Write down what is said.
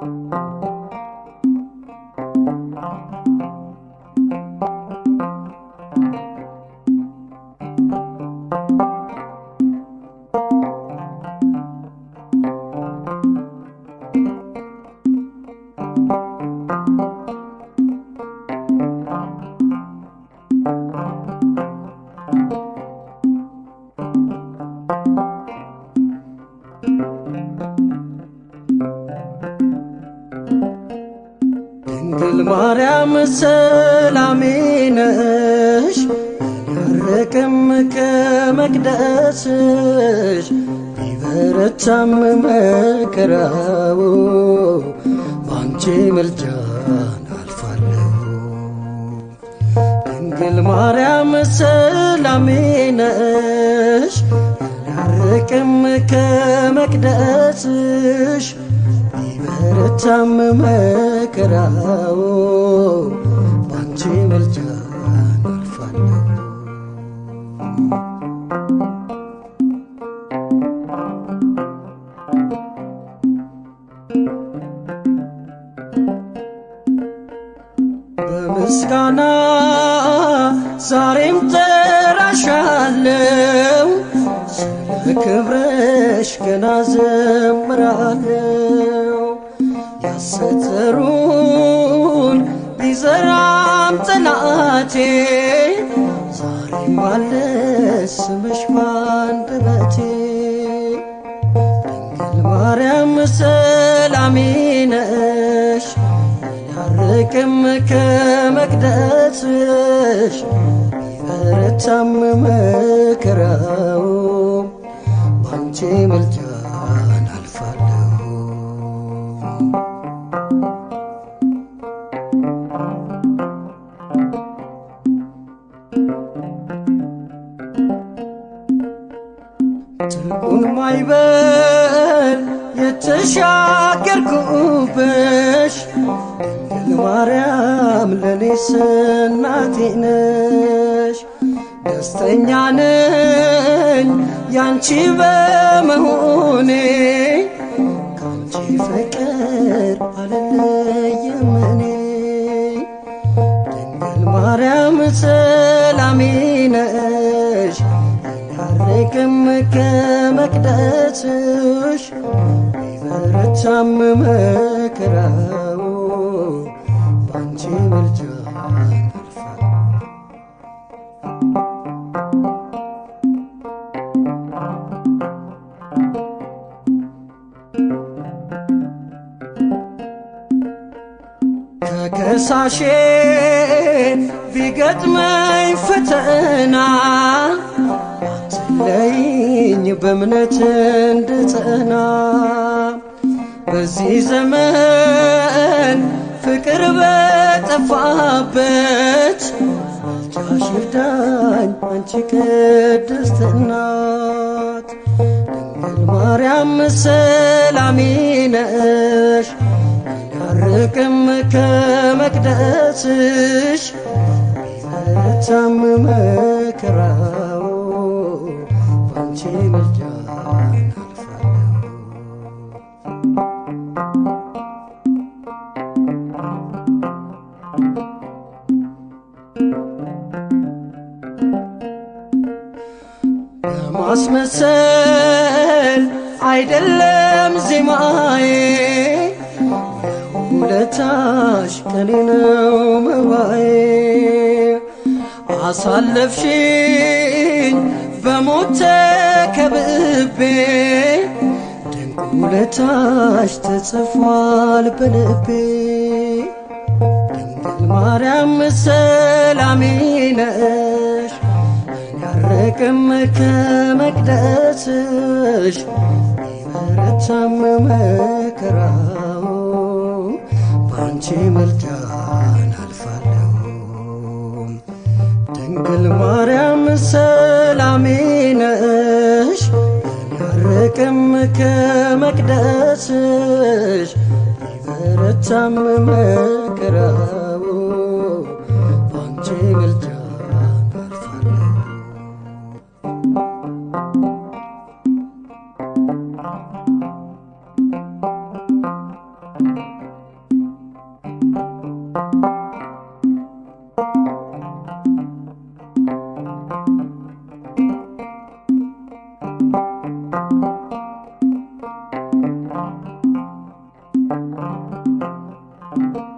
Thank you. ድንግል ማርያም ሰላሜ ነሽ አልራቅም ከመቅደስሽ ቢበረታም መከራው ባንቺ ምልጃን አልፋለሁ። ድንግል ማርያም ሰላሜ ነሽ አልራቅም ከመቅደስሽ ቢበረታም መከራው ባንቺ ምልጃ አልፋለሁ። ዛሬም ጠራሻለው ስለ ክብረሽ ገና ዘምራለው ሰተሩን ቢዘራም ጠላቴ ዛሬም አለ ስምሽ ባንደበቴ። ድንግል ማርያም ሰላሜ ነሽ፣ ያርቅም ከመቅደስሽ ቢበረታም መከራው ባንቺ ምልጃ ጥልቁን ማዕበል የተሻገርኩብሽ ድንግል ማርያም ለኔ እናቴ ነሽ። ደስተኛ ነኝ ያንቺ በመሆኔ ካንቺ ፍቅር አልለየም ድንግል ማርያም ድቅምቅ መቅደስሽ ይበረታም መከራው ባንቺ ምልጃ ከከሳሼ ቢገጥመኝ ፈተና ለይኝ በእምነት እንድጸና በዚህ ዘመን ፍቅር በጠፋበት ባልቻሽ ርዳኝ አንቺ ቅድስት እናት ድንግል ማርያም ሰላሜ ነሽ ያርቅም ከመቅደስሽ ቢታመም መከራው جيب الجهان خلف ناس مسل አይደለም ዜማዬ ውለታሽ ቀኔ ነው መባዬ አሳለፍሽኝ በሞቴ ከብቤ ድንቅ ውለታሽ ተጽፏል በልቤ። ድንግል ማርያም ሰላሜ ነሽ፣ ያረቅም ከመቅደስሽ ይበረታም መከራው ምልጃን አልፋለሁ። ድንግል ማርያም ሰላሜ ነሽ አልራቅም ከመቅደስሽ ይበረታም መከራው ባንቺ ምልጃ Thank you.